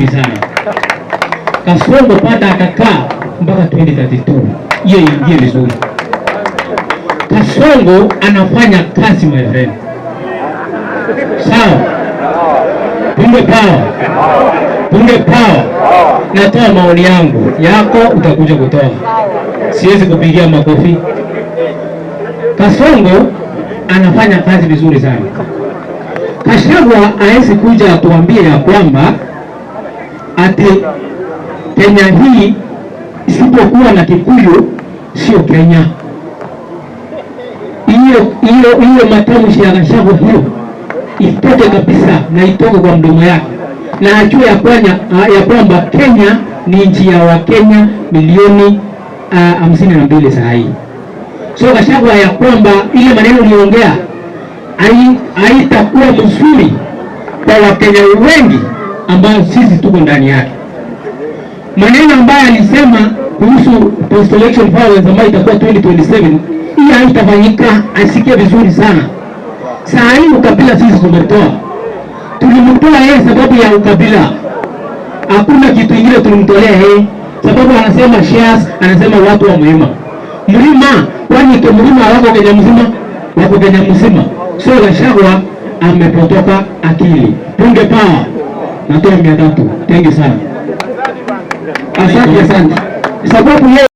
sana Kasongo pata akakaa mpaka 2032 hiyo ingie vizuri. Kasongo anafanya kazi my friend, sawa. punge pawa, punge pawa. Natoa maoni yangu, yako utakuja kutoa. Siwezi kupigia makofi. Kasongo anafanya kazi vizuri sana. Kashagwa awezi kuja atuambie ya kwamba ati Kenya hii isipokuwa na Kikuyu sio Kenya. Hiyo matamshi ya Gachagua hiyo itoke kabisa na itoke kwa mdomo yake, na ajue ya kwamba Kenya ni nchi ya Wakenya milioni ah, hamsini na mbili saa hii. So Gachagua ya kwamba ile maneno uliongea haitakuwa mzuri kwa Wakenya wengi ambayo sisi tuko ndani yake, maneno ambayo alisema kuhusu post election powers ambayo itakuwa 2027 hii haitafanyika. Asikie vizuri sana, saa hii ukabila sisi tumetoa, tulimtoa yeye sababu ya ukabila, hakuna kitu ingine tulimtolea yeye sababu anasema shares, anasema watu wa mlima mlima, kwani ke mlima wako Kenya mzima, wako Kenya mzima. So Gachagua amepotoka akili, punde pawa natoa mia tatu. Tenge sana, asante, good sababu